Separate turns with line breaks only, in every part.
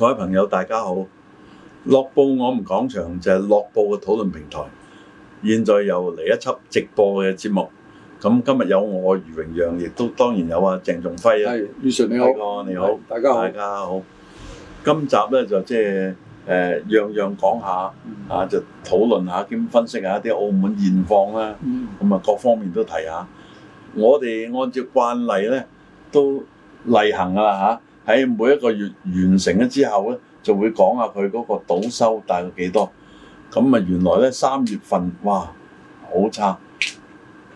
各位朋友，大家好！樂報我們講場就係、是、樂報嘅討論平台，現在又嚟一輯直播嘅節目。咁今日有我余榮陽，亦都當然有啊鄭仲輝啊。係余你好，大哥你好，大家好。大家好。今集咧就即係誒樣樣講下，嗯、啊就討論下兼分析一下啲澳門現況啦。咁、嗯、啊，各方面都提下。我哋按照慣例咧，都例行啊嚇。喺每一個月完成咗之後咧，就會講下佢嗰個賭收大概幾多。咁啊，原來咧三月份哇，好差，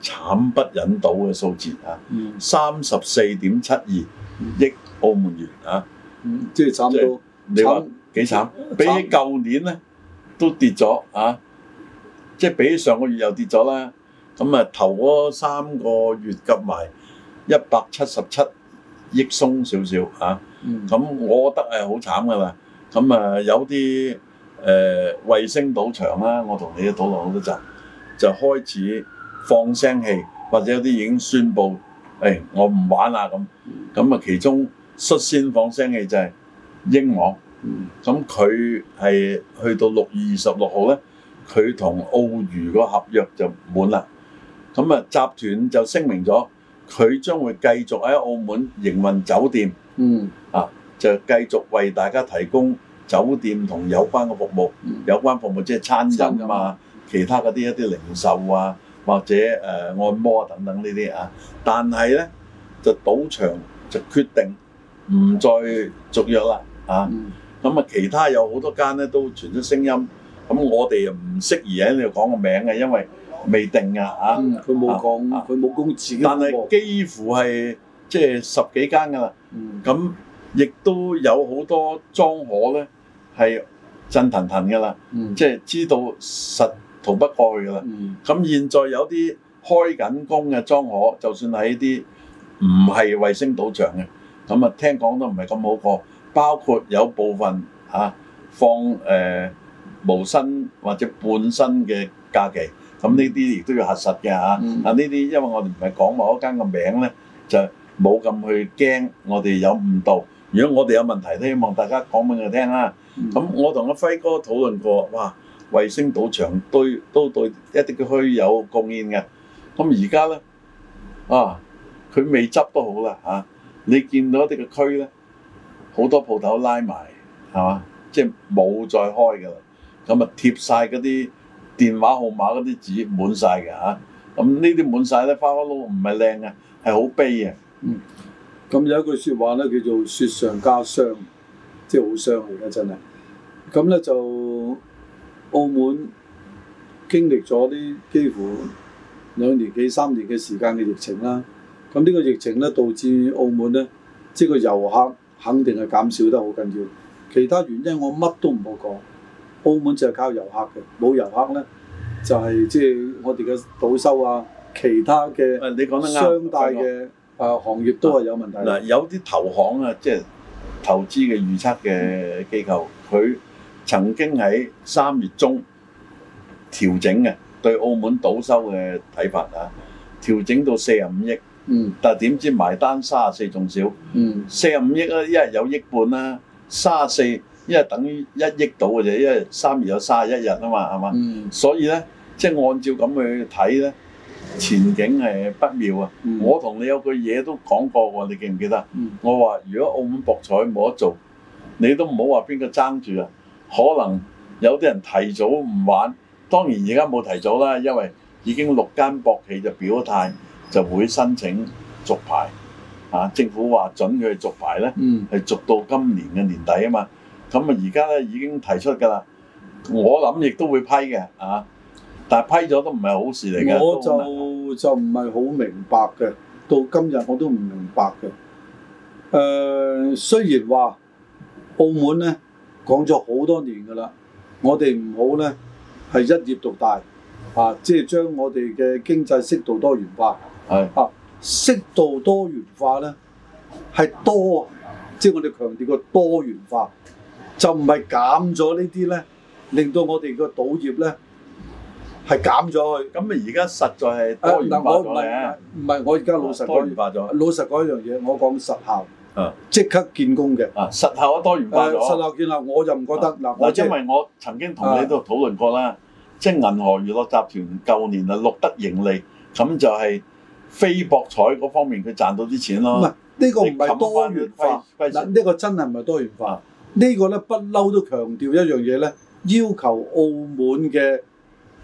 慘不忍睹嘅數字啊！三十四點七二億澳門元啊！即係慘到你話幾慘？比起舊年咧，都跌咗啊！即係比起上個月又跌咗啦。咁啊，頭嗰三個月夾埋一百七十七。益鬆少少吓，咁、啊、我覺得係好慘㗎嘛。咁啊有啲誒衞星賭場啦，我同你都賭到好多集，就開始放聲氣，或者有啲已經宣布誒、哎、我唔玩啦咁。咁啊其中率先放聲氣就係英皇，咁佢係去到六月二十六號咧，佢同澳娛個合約就滿啦。咁啊集團就聲明咗。佢將會繼續喺澳門營運酒店，嗯啊，就繼續為大家提供酒店同有關嘅服務，有關服務即係餐飲啊，其他嗰啲一啲零售啊，或者誒按摩啊等等呢啲啊。但係呢，就賭場就決定唔再續約啦，啊，咁啊，其他有好多間呢都傳出聲音，咁我哋又唔適宜喺呢度講個名嘅，因為。未定、嗯、啊！嚇，佢冇講，佢冇講自己、啊。但係幾乎係即係十幾間㗎啦。咁亦、嗯、都有好多莊荷咧，係震騰騰㗎啦。即係、嗯、知道實逃不過去㗎啦。咁、嗯、現在有啲開緊工嘅莊荷，就算喺啲唔係衛星賭場嘅，咁啊、嗯、聽講都唔係咁好過，包括有部分嚇、啊、放誒、呃、無薪或者半薪嘅假期。咁呢啲亦都要核實嘅嚇，啊呢啲因為我哋唔係講某一間個名咧，就冇咁去驚我哋有誤導。如果我哋有問題，都希望大家講俾佢聽啦。咁我同阿輝哥討論過，哇，衞星賭場對都對一啲嘅區有貢獻嘅。咁而家咧，啊，佢未執都好啦嚇。你見到一啲嘅區咧，好多鋪頭拉埋係嘛，即係冇再開噶啦。咁啊貼曬嗰啲。電話號碼嗰啲紙滿晒嘅嚇，咁呢啲滿晒咧，花花碌碌唔係靚嘅，係好悲嘅。嗯，咁、嗯、有一句説話咧叫做雪上加霜，即係好傷氣咧真係。
咁咧就澳門經歷咗啲幾乎兩年幾三年嘅時間嘅疫情啦。咁呢個疫情咧，導致澳門咧，即係個遊客肯定係減少得好緊要。其他原因我乜都唔好講。澳門就係靠遊客嘅，冇遊客咧就係即係我哋嘅賭收啊，其他嘅你講得商大嘅啊行業都係有問題的。嗱，
有啲投行啊，即係投資嘅預測嘅機構，佢、嗯、曾經喺三月中調整嘅對澳門賭收嘅睇法啊，調整到四十五億。嗯。但係點知埋單三十四仲少？嗯。四十五億咧，一日有億半啦，三十四。因為等於一億到嘅啫，因為三月有三十一日啊嘛，係嘛？嗯、所以咧，即係按照咁去睇咧，前景係不妙啊！嗯、我同你有句嘢都講過喎，你記唔記得？嗯、我話如果澳門博彩冇得做，你都唔好話邊個爭住啊！可能有啲人提早唔玩，當然而家冇提早啦，因為已經六間博企就表態，就會申請續牌。啊，政府話準佢續牌咧，係、嗯、續到今年嘅年底啊嘛。咁啊，而家咧已經提出㗎啦，我諗亦都會批嘅啊，但係批咗都唔係好事嚟嘅。我就
很就唔係好明白嘅，到今日我都唔明白嘅。誒、呃，雖然話澳門咧講咗好多年㗎啦，我哋唔好咧係一業獨大啊，即係將我哋嘅經濟適度多元化。係是的 啊，適度多元化咧係多，即係我哋強調個多元化。就唔係減咗呢啲咧，令到我哋個賭業咧係減咗去，咁啊而家實在係多元化咗嘅。唔係我而家老實講，多元化咗。老實講一樣嘢，我講實效，
即刻見功嘅。實效多元化咗。實效
見啦，我就唔覺得嗱，因為
我曾經同你度討論過啦，即係銀河娛樂集團舊年啊錄得盈利，咁就係非博彩嗰方面佢賺到啲錢咯。唔係呢個唔係多元化，
嗱呢個真係唔係多元化。這個呢個咧不嬲都強調一樣嘢咧，要求澳門嘅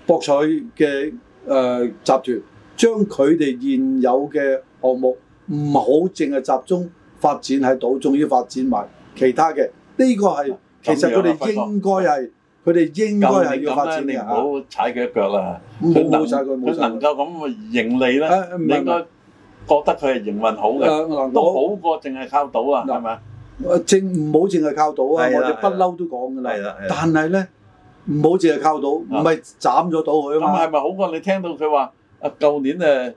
博彩嘅、呃、集團將佢哋現有嘅項目唔好淨係集中發展喺賭，仲要發展埋其他嘅。呢、這個係其實佢哋應該係佢哋應該係要發展嘅嚇。咁你唔
好踩佢一腳啦，佢能佢能夠咁啊盈利咧，應該覺得佢係營運好嘅，都好過淨係靠賭啊，係咪
誒正唔好淨係靠賭啊！我哋不
嬲都講㗎啦。但係咧，唔好淨係靠賭，唔係斬咗到佢啊嘛。咁係咪好過你聽到佢話，啊，舊年誒、啊、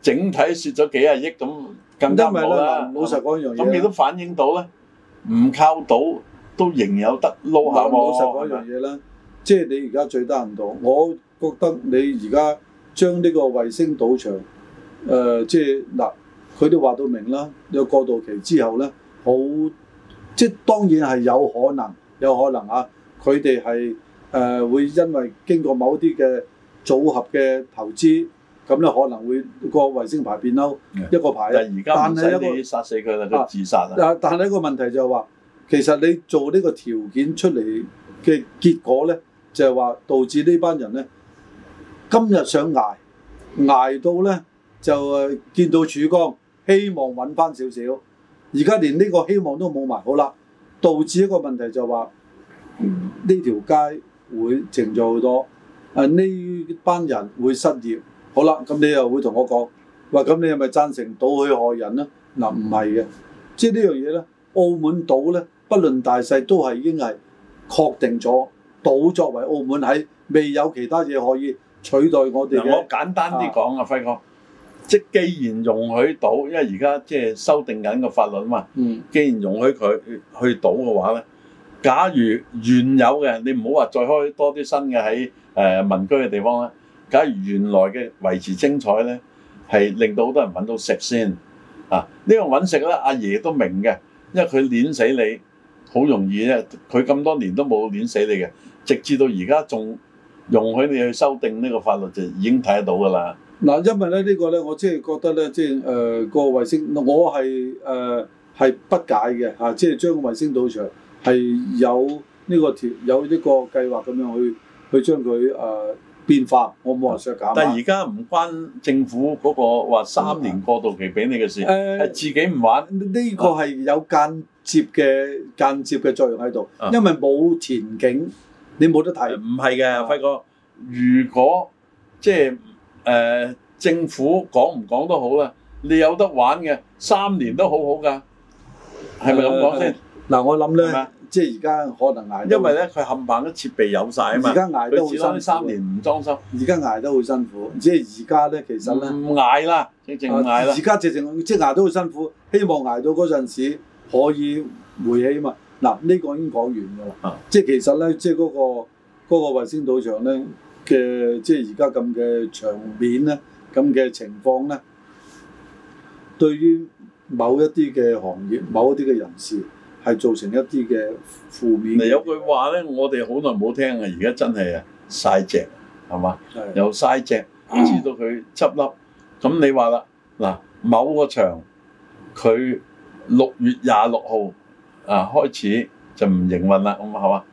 整體蝕咗幾廿億咁，更加唔好啦、啊。啊、老實
講一樣嘢，咁亦都
反映到咧，唔、啊、靠賭都仍有得撈下喎。老實講一樣嘢
咧，即係嗎你而家最得唔到。我覺得你而家將呢個衞星賭場誒，即係嗱，佢、就是呃、都話到明啦，有、這個、過渡期之後咧。好，即係當然係有可能，有可能啊！佢哋係誒會因為經過某啲嘅組合嘅投資，咁咧可能會個衛星牌變嬲的一個牌。但係而家唔使你殺
死佢啦，佢自殺啦，但係一、啊、
一個問題就係話，其實你做呢個條件出嚟嘅結果咧，就係、是、話導致呢班人咧，今日想捱捱到咧，就誒、啊、見到曙光，希望搵翻少少。而家連呢個希望都冇埋，好啦，導致一個問題就話呢條街會靜咗好多，誒呢班人會失業，好啦，咁你又會同我講話咁你係咪贊成賭去害人咧？嗱唔係嘅，即係呢樣嘢咧，澳門賭咧不論大細都係已經係確定
咗，賭作為澳門喺未有其他嘢可以取代我哋嘅。嗱我簡單啲講啊，輝哥、啊。即既然容許到，因為而家即係修訂緊個法律啊嘛。嗯。既然容許佢去，去賭嘅話咧，假如原有嘅，你唔好話再開多啲新嘅喺誒民居嘅地方啦。假如原來嘅維持精彩咧，係令到好多人揾到食先啊。呢個揾食咧、啊，阿爺、爺都明嘅，因為佢碾死你，好容易咧。佢咁多年都冇碾死你嘅，直至到而家仲容許你去修訂呢個法律，就已經睇得到㗎喇。
嗱，因為咧、這、呢個咧，我即係覺得咧，即係誒個衞星，我係誒係不解嘅嚇，即係將衞星賭場係有呢、這個條有呢個計劃咁樣去去將佢誒、呃、變化，我冇話削減。但係而家
唔關政府嗰、那個話三年過渡期俾你嘅事，誒、嗯呃、自己唔玩
呢個係有間接嘅、啊、間接嘅作用喺度，啊、因為冇前景，
你冇得睇。唔係嘅輝哥，啊、如果即係。就是誒、呃，政府講唔講都好啦，你有得玩嘅三年都好好噶，係咪咁講先？嗱、呃呃，我諗咧，
是是即係而家可能挨，因為咧佢冚唪唥都設備有晒啊嘛。而家挨得好辛苦。三年唔裝修。而家挨得好辛苦，即係而家咧，其實咧唔挨啦，即係淨挨啦。而家即淨即係挨都好辛苦，希望挨到嗰陣時可以回起嘛。嗱，呢、這個已經講完噶啦、啊。即係其實咧，即係嗰個嗰個衛星賭場咧。嘅即係而家咁嘅場面咧，咁嘅情況咧，對於某一啲嘅
行業、某一啲嘅人士係造成一啲嘅負面的。有句話咧，我哋好耐冇聽啊！而家真係啊，晒隻係嘛，有曬隻，知道佢執笠。咁你話啦，嗱，某個場佢六月廿六號啊開始就唔營運啦，咁係嘛？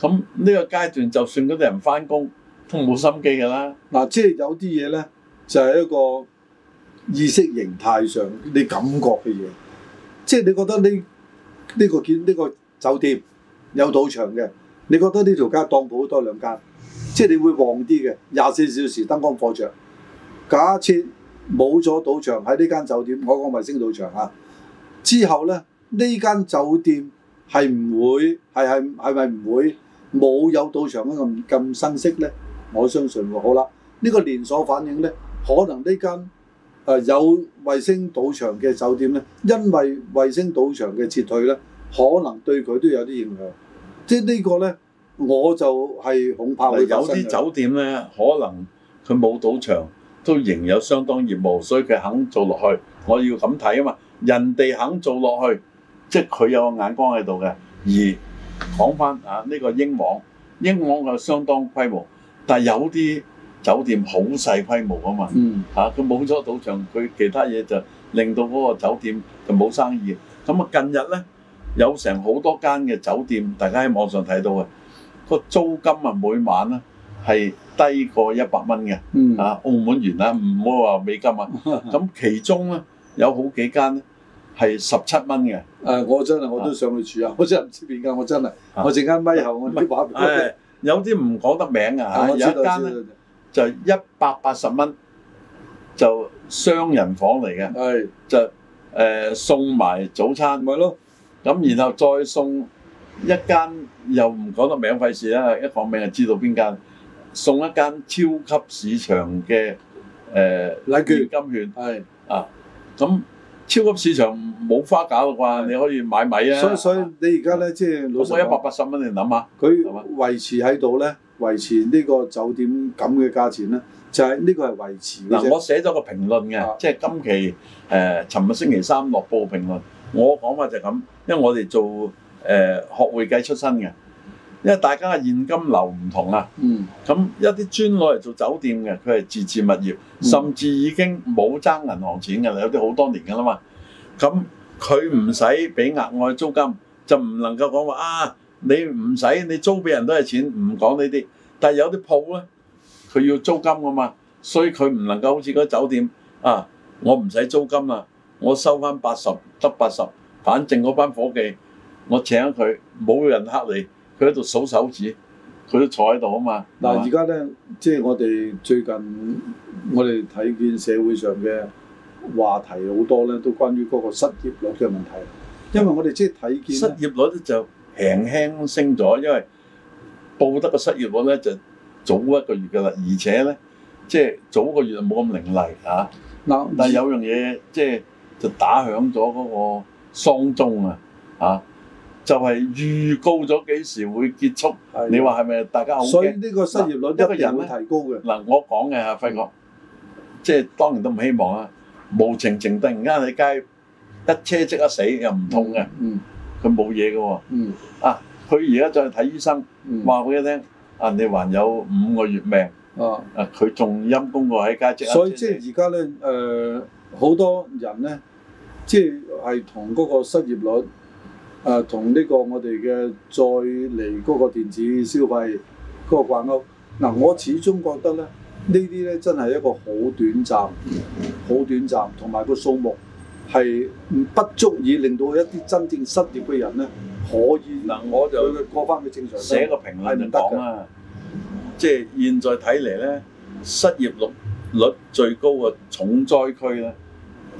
咁呢個階段就算嗰啲人翻工。冇心機嘅啦，嗱、啊，即係有啲嘢咧，
就係、是、一個意識形態上你感覺嘅嘢，即係你覺得呢呢、這個建呢、這個酒店有賭場嘅，你覺得呢條街當鋪多兩間，即係你會旺啲嘅，廿四小時燈光火著。假設冇咗賭場喺呢間酒店，我講衛星賭場啊，之後咧呢這間酒店係唔會係係係咪唔會冇有賭場咁咁新式咧？我相信喎，好啦，呢個連鎖反應呢，可能呢間誒有衞星賭場嘅酒店呢，因為衞星賭場嘅撤退呢，可能對佢都有啲影響。即係呢個呢，
我就係恐怕會的有啲酒店呢，可能佢冇賭場都仍有相當業務，所以佢肯做落去。我要咁睇啊嘛，人哋肯做落去，即係佢有個眼光喺度嘅。而講翻啊，呢個英皇，英皇又相當規模。但係有啲酒店好細規模啊嘛，吓佢冇咗賭場，佢其他嘢就令到嗰個酒店就冇生意。咁啊，近日咧有成好多間嘅酒店，大家喺網上睇到嘅個租金啊，每晚咧係低過一百蚊嘅，啊澳門元啦，唔好話美金啊。咁其中咧有好幾間咧係十七蚊嘅。誒，我真係我都想去住啊！我真係唔知邊間，我真係我陣間咪後我啲話。有啲唔講得名啊，嚇！有一間咧就一百八十蚊就雙人房嚟嘅，就誒送埋早餐，咪咯。咁然後再送一間又唔講得名，費事啦，一講名就知道邊間。送一間超級市場嘅誒現金券，係啊咁，超級市場冇花搞嘅啩，的你可以買米啊！所以所
以你而家咧，即係攞
闆。一百八十蚊嚟諗下，佢
維持喺度咧，維持呢個酒店咁嘅價錢咧，就係、是、呢個係維持
嗱。我寫咗個評論嘅，即、就、係、是、今期誒，尋、呃、日星期三落報的評論。我講話就咁，因為我哋做誒、呃、學會計出身嘅。因為大家嘅現金流唔同啦，咁、嗯、一啲專攞嚟做酒店嘅，佢係自置物業，嗯、甚至已經冇爭銀行錢嘅啦，有啲好多年嘅啦嘛。咁佢唔使俾額外租金，就唔能夠講話啊！你唔使你租俾人都係錢，唔講呢啲。但係有啲鋪咧，佢要租金㗎嘛，所以佢唔能夠好似嗰酒店啊，我唔使租金啦，我收翻八十得八十，反正嗰班伙計我請佢冇人黑你。佢喺度數手指，佢都坐喺度啊嘛。嗱，而家
咧，即係我哋最近，
我哋
睇見社會上嘅話題好多咧，都關於嗰個失業率嘅問題。
因為我哋即係睇見呢失業率咧就輕輕升咗，因為報得個失業率咧就早一個月㗎啦，而且咧即係早一個月就冇咁凌厲嚇。嗱、啊，啊、但係有樣嘢即係就打響咗嗰個喪鐘啊嚇。就係預告咗幾時會結束，的你話係咪大家好驚？所以呢個失業率一個人會提高嘅。嗱、啊那個啊，我講嘅阿輝哥，啊嗯、即係當然都唔希望啊！無情情突然間喺街一車即刻死又唔痛嘅，佢冇嘢嘅喎。嗯哦嗯、啊，佢而家再睇醫生，話俾佢聽，嗯、啊，你還有五個月命。啊，佢仲、啊、陰功過喺街即刻。所以即
係而家咧，誒、呃，好多人咧，即係係同嗰個失業率。誒同呢個我哋嘅再嚟嗰個電子消費嗰個掛鈎，嗱、啊、我始終覺得咧，這些呢啲咧真係一個好短暫、好短暫，同埋個數目係不足以令到一啲真正失業嘅人咧可以嗱、啊、我就去過翻佢正常寫個評論
就唔得㗎，即係現在睇嚟咧，失業率率最高嘅重災區咧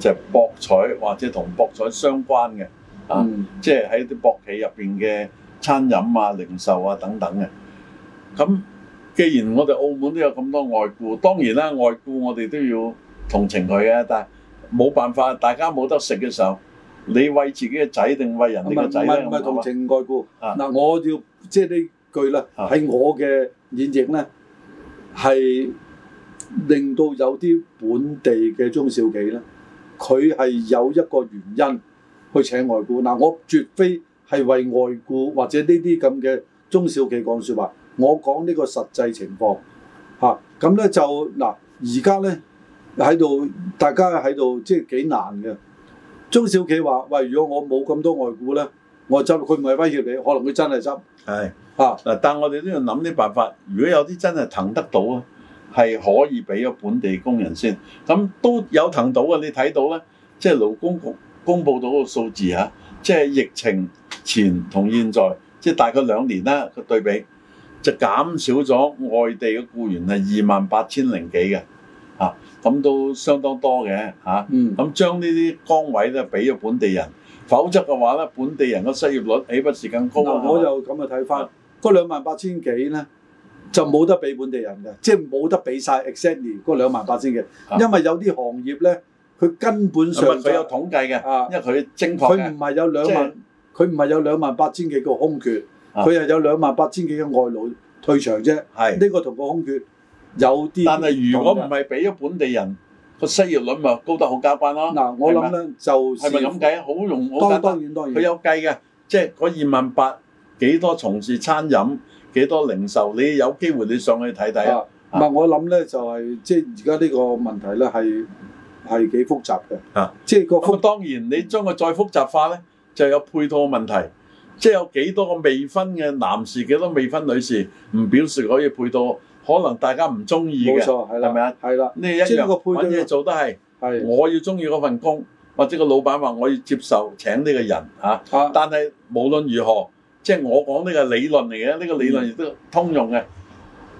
就係、是、博彩或者同博彩相關嘅。啊！即係喺啲博企入邊嘅餐飲啊、零售啊等等嘅。咁既然我哋澳門都有咁多外僱，當然啦，外僱我哋都要同情佢嘅，但係冇辦法，大家冇得食嘅時候，你餵自己嘅仔定餵人哋嘅仔？唔係同情外僱。嗱、啊，我要即係、就是啊、呢句啦，
喺我嘅演繹咧，係令到有啲本地嘅中小企咧，佢係有一個原因。去請外僱，嗱，我絕非係為外僱或者呢啲咁嘅中小企講說話，我講呢個實際情況嚇。咁、啊、咧就嗱，而家咧喺度，大家喺度即係幾難嘅。中小企話喂，如果我
冇咁多外僱咧，我執佢唔係威脅你，可能佢真係執。嗱、啊，但係我哋都要諗啲辦法。如果有啲真係騰得到啊，係可以俾咗本地工人先。咁都有騰到嘅，你睇到咧，即、就、係、是、勞工局。公布到個數字嚇、啊，即係疫情前同現在，即係大概兩年啦個對比，就減少咗外地嘅僱員係二萬八千零幾嘅，嚇、啊、咁都相當多嘅嚇。咁將呢啲崗位咧俾咗本地人，否則嘅話咧本地人個失業率豈不是更高。那我有這樣就咁啊睇翻嗰兩萬八千
幾咧，就冇得俾本地人嘅，即係冇得俾晒 exactly 嗰兩萬八千幾，是因為有啲行業咧。佢根本上唔係佢有統計嘅，因為佢精確佢唔係有兩萬，佢唔係有兩萬八千幾個空缺，佢又有兩萬八千幾個外勞
退場啫。係呢個同個空缺有啲唔同。但係如果唔係俾咗本地人，個失業率咪高得好交關咯。嗱，我諗咧就係咪咁計啊？好容易，當然當然。佢有計嘅，即係嗰二萬八幾多從事餐飲，幾多零售？你有機會你上去睇睇啊。唔係，我諗咧就係即係而家呢個問題咧係。係幾複雜嘅，啊，即係個。當然你將佢再複雜化咧，就有配套嘅問題，即係有幾多個未婚嘅男士，幾多未婚女士唔表示可以配套，可能大家唔中意嘅，係
咪啊？係啦，呢一個配套
嘢做得係，係的我要中意嗰份工，或者個老闆話我要接受請呢個人，嚇、啊，啊、但係無論如何，即係我講呢個理論嚟嘅，呢個理論亦都通用嘅，嗯、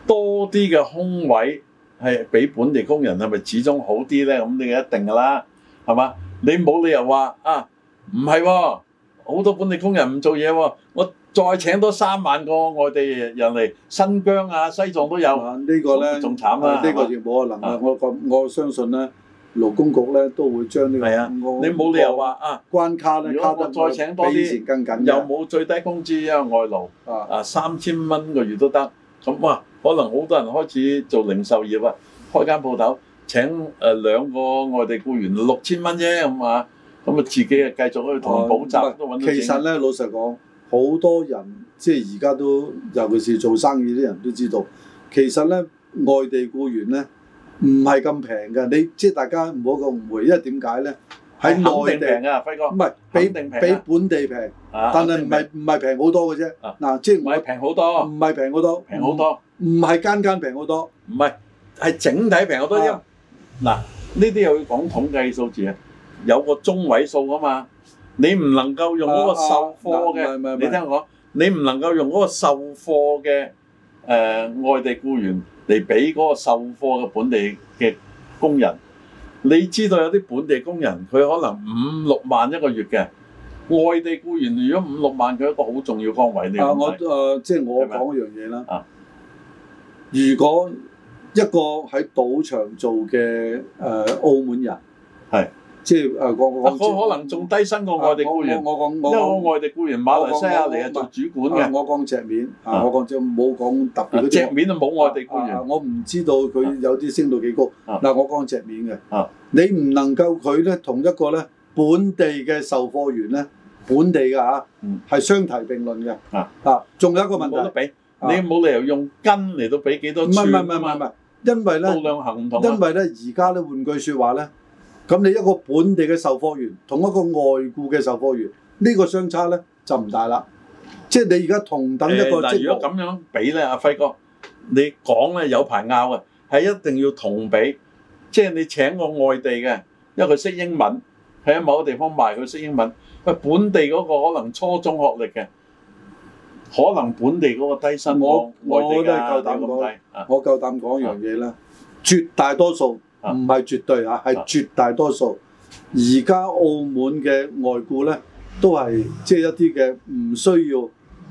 多啲嘅空位。係比本地工人係咪始終好啲咧？咁你就一定噶啦，係嘛？你冇理由話啊，唔係喎，好多本地工人唔做嘢喎、哦。我再請多三萬個外地人嚟新疆啊、西藏都有。這個呢個咧仲慘啊！呢吧個冇可能啊！
我我相信咧勞工局咧都會將呢、這個。係啊，你冇理由話
啊關卡咧，卡得更緊，比以前更緊。又冇最低工資啊，因為外勞啊三千蚊個月都得咁哇。啊可能好多人開始做零售業啊，開間鋪頭請誒兩個外地僱員六千蚊啫咁啊，咁啊自己啊繼續去同佢補習，嗯、其實咧
老實講，好多人即係而家都，尤其是做生意啲人都知道，其實咧外地僱員咧唔係咁平㗎。你即係大家唔好咁誤會，因為點解咧？係肯定平啊，輝哥唔係比肯定平比本地平，但係唔係唔係平好多嘅啫。嗱，即係唔係平好多？唔係平好
多。平好多？唔係間間平好多，唔係係整體平好多。因為嗱，呢啲又要講統計數字啊，有個中位數啊嘛。你唔能夠用嗰個售貨嘅，你聽我講，你唔能夠用嗰個售貨嘅誒外地僱員嚟俾嗰個售貨嘅本地嘅工人。你知道有啲本地工人，佢可能五六萬一個月嘅，外地僱員如果五六萬，佢一個好重要嘅崗位你啊，我
即、呃係、我講一樣嘢啦。啊，如果一個喺賭場做嘅、呃、澳門人係即係誒我我可能
仲低薪過外地僱員。我講我講外地僱員馬來西亞嚟嘅做主管嘅。我講側面，我講就冇
講特別側面都冇外地僱員。我唔知道佢有啲升到幾高。嗱，我講側面嘅。你唔能夠佢咧，同一個咧本地嘅售貨員咧，本地嘅吓，係相提並論嘅。啊，仲有一個問題，冇得比。你冇理由用斤嚟到比幾多？唔係唔係唔係唔係，因為咧，因為咧，而家咧換句說話咧。咁你一個本地嘅售貨員同一個外雇嘅售貨員呢、呢個相差咧就唔大啦，即係你而家同等一個職務。嗱、呃呃呃，如果咁
樣比咧，阿、啊、輝哥，你講咧有排拗嘅，係一定要同比，即係你請個外地嘅，因為佢識英文，喺某個地方賣佢識英文，喂，本地嗰個可能初中學歷嘅，可能本地嗰個低薪。我外地都係夠膽講，我夠膽講一樣嘢啦，啊啊、絕大多數。唔係、
啊、絕對啊，係絕大多數。而家澳門嘅外雇咧，都係即係一啲嘅唔需要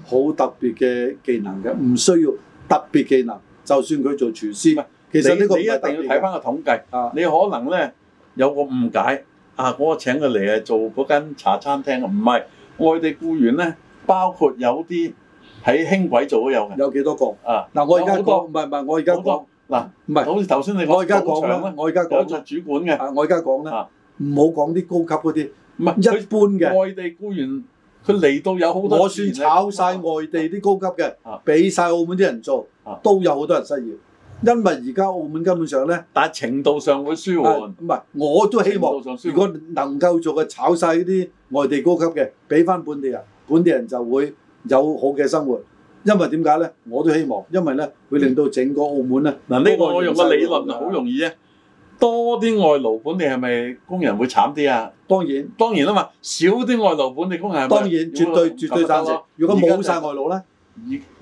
好特別嘅技能嘅，唔需要
特別技能。就算佢做廚師，啊、其實呢個你一定要睇翻個統計啊。你可能咧有個誤解啊，我請佢嚟係做嗰間茶餐廳啊，唔係外地雇員咧，包括有啲喺輕軌做都有有幾多個？啊，嗱，我而家講唔係唔係，我而家講。嗱，唔係，好似頭先你講咁樣，我而家講咧，我而家講
一隻主管嘅，我而家講咧，唔好講啲高級嗰啲，唔係一般嘅外地僱員，佢嚟到有好多錢，我算炒曬外地啲高級嘅，俾曬澳門啲人做，都有好多人失業，因為而家澳門根本上咧，
但係程度上會
舒緩，唔係我都希望，如果能夠做嘅炒曬呢啲外地高級嘅，俾翻本地人，本地人就會有好嘅生活。因為點解咧？我都希
望，因為咧會令到整個澳門咧，嗱，呢個我用嘅理論啊，好容易啫。多啲外勞本地係咪工人會慘啲啊？當然當然啊嘛，少啲外勞本地工人係咪？當然絕對絕對贊成。如果冇晒外勞咧，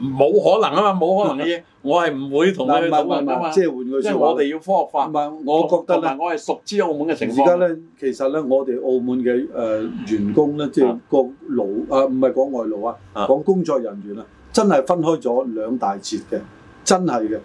冇可能啊嘛，冇可能嘅嘢。我係唔會同佢諗啊嘛，即係換句説話，我哋要科學化。唔係，我覺得咧，我係熟知澳門嘅情況。而家
咧，其實咧，我哋澳門嘅誒員工咧，即係個勞啊，唔係講外勞啊，講工作人員啊。真係分開咗兩大截嘅，真係嘅。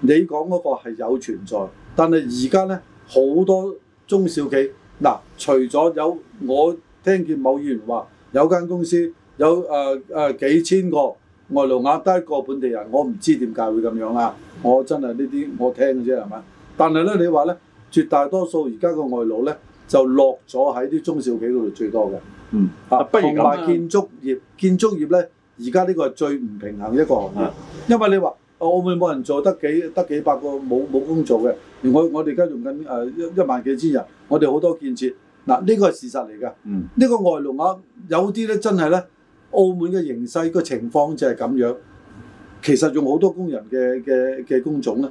你講嗰個係有存在，但係而家呢，好多中小企嗱、啊，除咗有我聽見某議員話有間公司有誒、呃呃、幾千個外勞額低過本地人，我唔知點解會咁樣啦。我真係呢啲我聽嘅啫，係嘛？但係呢，你話呢，絕大多數而家個外勞呢，就落咗喺啲中小企嗰度最多嘅。嗯，啊，不如咁啦。同埋建築業，建築業呢。而家呢個係最唔平衡一個行業，因為你話澳門冇人做得幾得幾百個冇冇工做嘅，我我哋而家用緊誒一萬幾千人，我哋好多建設，嗱呢個係事實嚟㗎，呢、嗯、個外勞額有啲咧真係咧，澳門嘅形勢個情況就係咁樣，其實用好多工人嘅嘅嘅工種咧，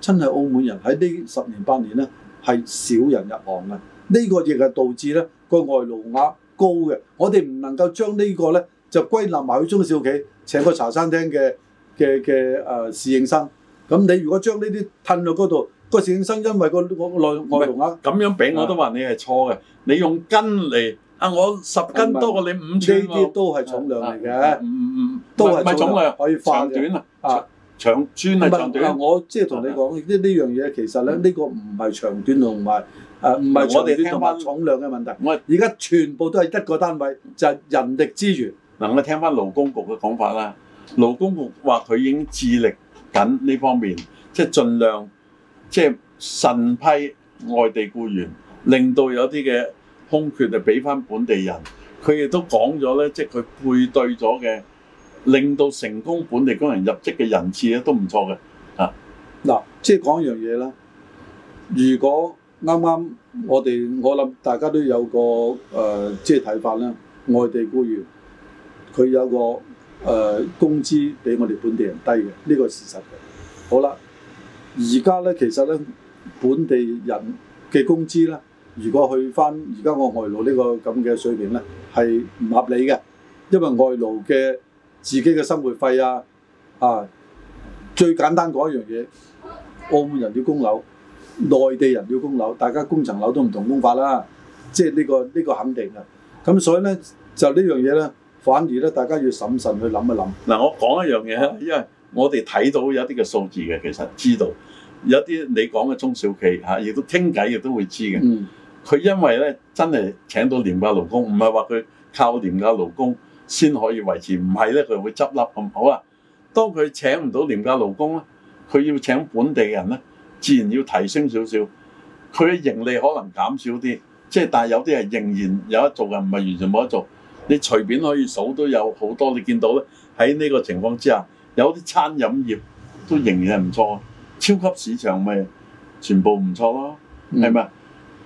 真係澳門人喺呢十年八年咧係少人入行㗎，呢、呢個亦係導致咧個外勞額高嘅，我哋唔能夠將呢、呢個咧。就歸納埋去中小企請個茶餐廳嘅嘅嘅誒侍應生，咁你如果將呢啲褪到嗰度，個侍應生因為個個內
內容啊，咁樣畀我都話你係錯嘅。你用斤嚟啊，我十斤多過
你五斤，呢啲都係重量嚟嘅，
唔唔都係重量。唔係重量，長短啊，長長寬啊。唔係我
即係同你講，呢呢樣嘢其實咧，呢個唔係長短同埋誒，唔係我哋呢埋重量嘅問題。而家全部都係一個單位，
就係人力資源。嗱，我聽翻勞工局嘅講法啦。勞工局話佢已經致力緊呢方面，即係盡量即係審批外地雇員，令到有啲嘅空缺就俾翻本地人。佢亦都講咗咧，即係佢配對咗嘅，令到成功本地工人入職嘅人次咧都唔錯嘅。啊，嗱，即係講一樣嘢啦。如果
啱啱我哋我諗大家都有個誒、呃、即係睇法啦，外地雇員，佢有個誒、呃、工資比我哋本地人低嘅，呢個事實。好啦，而家咧其實咧本地人嘅工資咧，如果去翻而家我外勞呢個咁嘅水平咧，係唔合理嘅，因為外勞嘅自己嘅生活費啊，啊最簡單講一樣嘢，澳門人要供樓，內地人要供樓，大家供層樓都唔同工法啦，即係呢個呢、呢個肯定嘅。咁所以咧就呢事呢樣嘢咧。反而咧，大家要審慎去諗一諗。
嗱，我講一樣嘢，因為我哋睇到有啲嘅數字嘅，其實知道有啲你講嘅中小企嚇，亦、啊、都傾偈亦都會知嘅。佢、嗯、因為咧真係請到廉價勞工，唔係話佢靠廉價勞工先可以維持。唔係咧，佢會執笠。咁好啊，當佢請唔到廉價勞工咧，佢要請本地人咧，自然要提升少少。佢嘅盈利可能減少啲，即係但係有啲係仍然有得做嘅，唔係完全冇得做。你隨便可以數都有好多，你見到咧喺呢個情況之下，有啲餐飲業都仍然係唔錯，超級市場咪全部唔錯咯，係咪？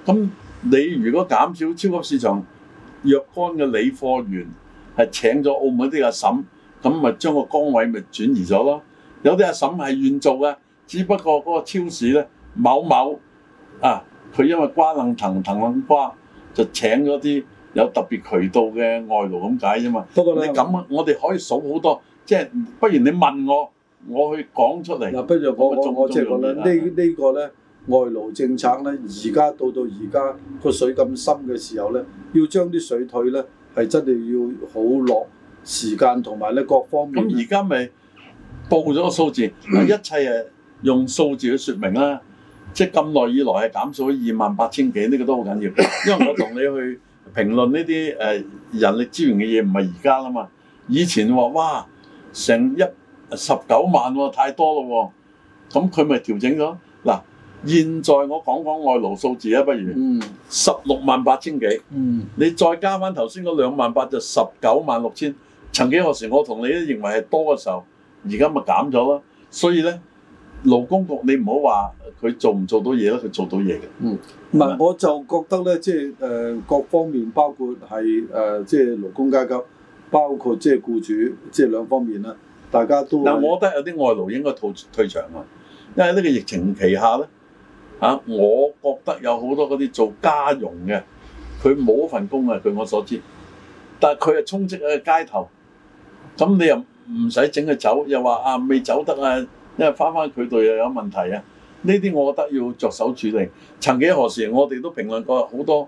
咁你如果減少超級市場若干嘅理貨員，係請咗澳門啲阿嬸，咁咪將個崗位咪轉移咗咯？有啲阿嬸係願做嘅，只不過嗰個超市咧某某啊，佢因為瓜冷藤藤冷瓜，就請咗啲，有特別渠道嘅外勞咁解啫嘛。不過你咁，我哋可以數好多，即係，不如你問我，我去講出嚟。嗱，不如我我即係講啦，啊呢個、呢呢個咧外勞政策
咧，而家到到而家個水咁深嘅時候咧，要將啲水退咧，係真
係要好落時間同埋咧各方面。咁而家咪報咗個數字，嗯、一切係用數字去説明啦、啊。嗯、即係咁耐以來係減少咗二萬八千幾，呢、呢個都好緊要， 因為我同你去。評論呢啲誒人力資源嘅嘢唔係而家啦嘛，以前話哇成一十九萬太多啦喎，咁佢咪調整咗嗱。現在我講講外勞數字啊不如，嗯，十六萬八千幾，嗯，你再加翻頭先嗰兩萬八就十九萬六千。曾幾何時我同你都認為係多嘅時候，而家咪減咗咯，所以咧。勞工局，你唔好話佢做唔做到嘢咯，佢做到嘢嘅。嗯，唔係
吧我就覺得咧，即係誒各方面包括係誒即係勞工階級，包括即係僱主，即係兩方面啦，大家都，但，嗯，我覺得
有啲外勞應該退退場啊，因為呢個疫情旗下咧，嚇，啊，我覺得有好多嗰啲做家傭嘅，佢冇份工啊，據我所知，但係佢又充斥喺街頭，咁你又唔使整佢走，又話啊未走得啊？因為翻翻佢度又有問題啊！呢啲我覺得要着手處理。曾幾何時我們，我哋都評論過好多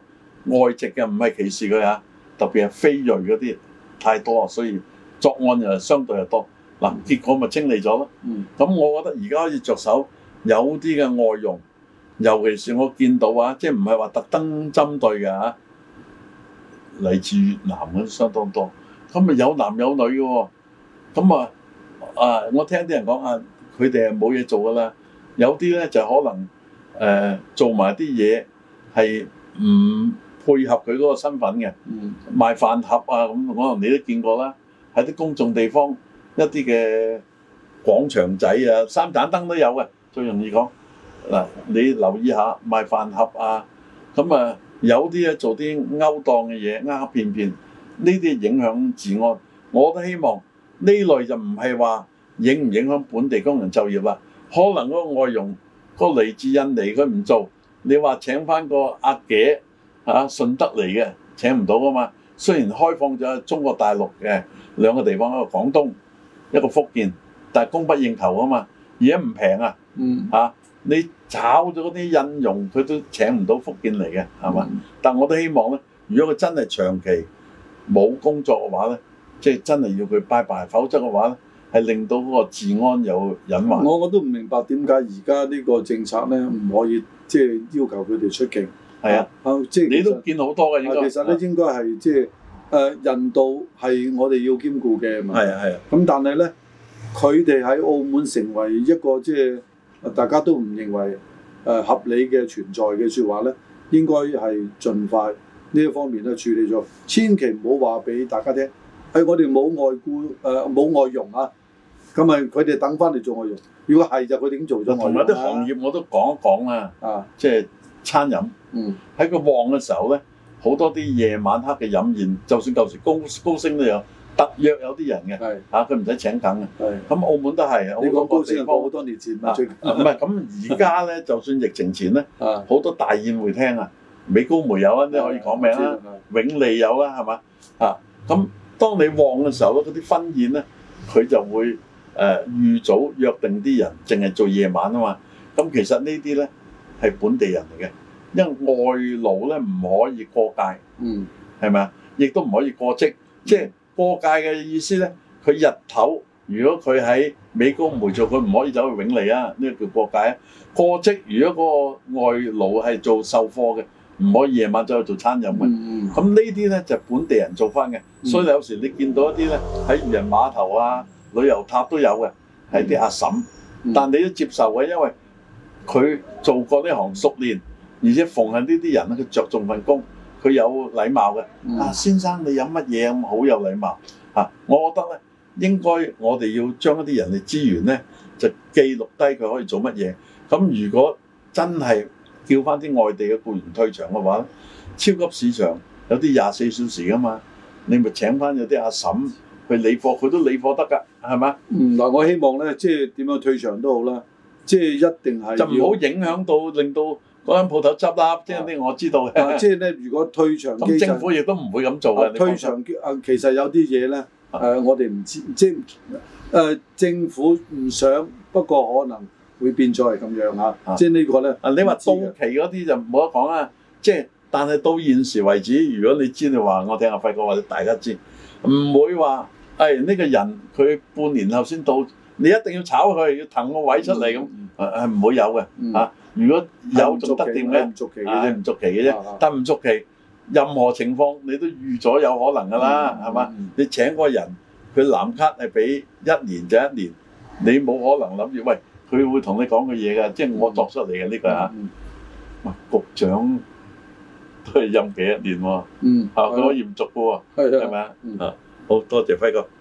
外籍嘅，唔係歧視佢啊，特別係菲裔嗰啲太多啊，所以作案又係相對又多嗱。結果咪清理咗咯。咁、嗯、我覺得而家可以着手有啲嘅外傭，尤其是我見到啊，即係唔係話特登針對嘅嚇，嚟自越南嗰啲相當多。咁咪有男有女嘅喎。咁啊啊，我聽啲人講啊。佢哋係冇嘢做㗎啦，有啲咧就可能誒、呃、做埋啲嘢係唔配合佢嗰個身份嘅，嗯、賣飯盒啊咁，可能你都見過啦。喺啲公眾地方一啲嘅廣場仔啊，三盞燈都有嘅，最容易講嗱，你留意一下賣飯盒啊，咁啊有啲咧做啲勾當嘅嘢，鴉片片，呢啲影響治安，我都希望呢類就唔係話。影唔影響本地工人就業啊？可能嗰個外傭，嗰、那個嚟自印尼佢唔做，你話請翻個阿姐，嚇、啊，順德嚟嘅請唔到㗎嘛？雖然開放咗中國大陸嘅兩個地方，一個廣東，一個福建，但係供不應求啊嘛，而家唔平啊，嚇、嗯啊！你炒咗嗰啲印傭，佢都請唔到福建嚟嘅，係嘛？嗯、但我都希望咧，如果佢真係長期冇工作嘅話咧，即、就、係、是、真係要佢拜拜，否則嘅話咧。係令到嗰個治安有隱患。我我都唔明白點解而家呢個政策咧唔可以即係、就是、要求佢
哋出境。係啊，即係、啊就是、你都見好多嘅應該、啊。其實咧、啊、應該係即係誒人道係我哋要兼顧嘅嘛。係啊係啊。咁、啊嗯、但係咧，佢哋喺澳門成為一個即係、就是、大家都唔認為誒、呃、合理嘅存在嘅説話咧，應該係盡快呢一方面咧處理咗。千祈唔好話俾大家聽，誒、哎、我哋冇外顧誒冇外傭啊！咁佢哋等翻嚟
做我用，如果係就佢點做咗。同埋啲行業我都講一講啊，即係餐飲，嗯，喺佢旺嘅時候咧，好多啲夜晚黑嘅飲宴，就算舊時高高升都有，特約有啲人嘅，佢唔使請緊嘅，咁澳門都係，講高升，過好多年前啦，最唔係咁而家咧，就算疫情前咧，好多大宴會廳啊，美高梅有啊，你可以講名啊，永利有啦，係嘛，咁當你旺嘅時候咧，嗰啲婚宴咧，佢就會。誒預、呃、早約定啲人淨係做夜晚啊嘛，咁其實呢啲呢係本地人嚟嘅，因為外勞呢唔可以過界，嗯，係咪？亦都唔可以過職，嗯、即係過界嘅意思呢，佢日頭如果佢喺美高梅做，佢唔可以走去永利啊，呢、呢個叫過界啊。過職如果個個外勞係做售貨嘅，唔可以夜晚走去做餐飲啊。咁、嗯、呢啲呢就係、本地人做翻嘅，嗯、所以有時你見到一啲呢喺漁人碼頭啊。旅遊塔都有嘅，係啲阿嬸，嗯嗯、但你都接受嘅，因為佢做過呢行熟練，而且逢係呢啲人咧，佢著重份工，佢有禮貌嘅。嗯、啊，先生你有乜嘢咁好有禮貌嚇、啊？我覺得咧，應該我哋要將一啲人力資源咧，就記錄低佢可以做乜嘢。咁如果真係叫翻啲外地嘅僱員退場嘅話，超級市場有啲廿四小時噶嘛，你咪請翻有啲阿嬸去理貨，佢都理貨得㗎。係咪？嗯，嗱，我希望咧，即係點樣退場都好啦，即係一定係就唔好影響到令到嗰間鋪頭執
笠。即係呢，我知道即係呢，如果退場，咁政府亦都唔會咁做嘅。退場啊，其實有啲嘢咧，誒，我哋唔知，即係誒政府唔想，
不過可能會變咗係咁樣嚇。即係呢個咧，啊，你話到期嗰啲就唔好講啦。即係，但係到現時為止，如果你知嘅話，我聽阿輝哥或者大家知，唔會話。係呢個人，佢半年後先到，你一定要炒佢，要騰個位出嚟咁，係唔會有嘅嚇。如果有仲得掂嘅。唔續期嘅唔續期嘅啫，得唔續期。任何情況你都預咗有可能㗎啦，係嘛？你請嗰個人，佢臨 cut 係俾一年就一年，你冇可能諗住喂佢會同你講嘅嘢㗎，即係我作出嚟嘅呢個嚇。唔係局長都係任期一年喎？嗯，嚇佢好嚴肅嘅喎，係咪啊？嗯。好，多謝費哥。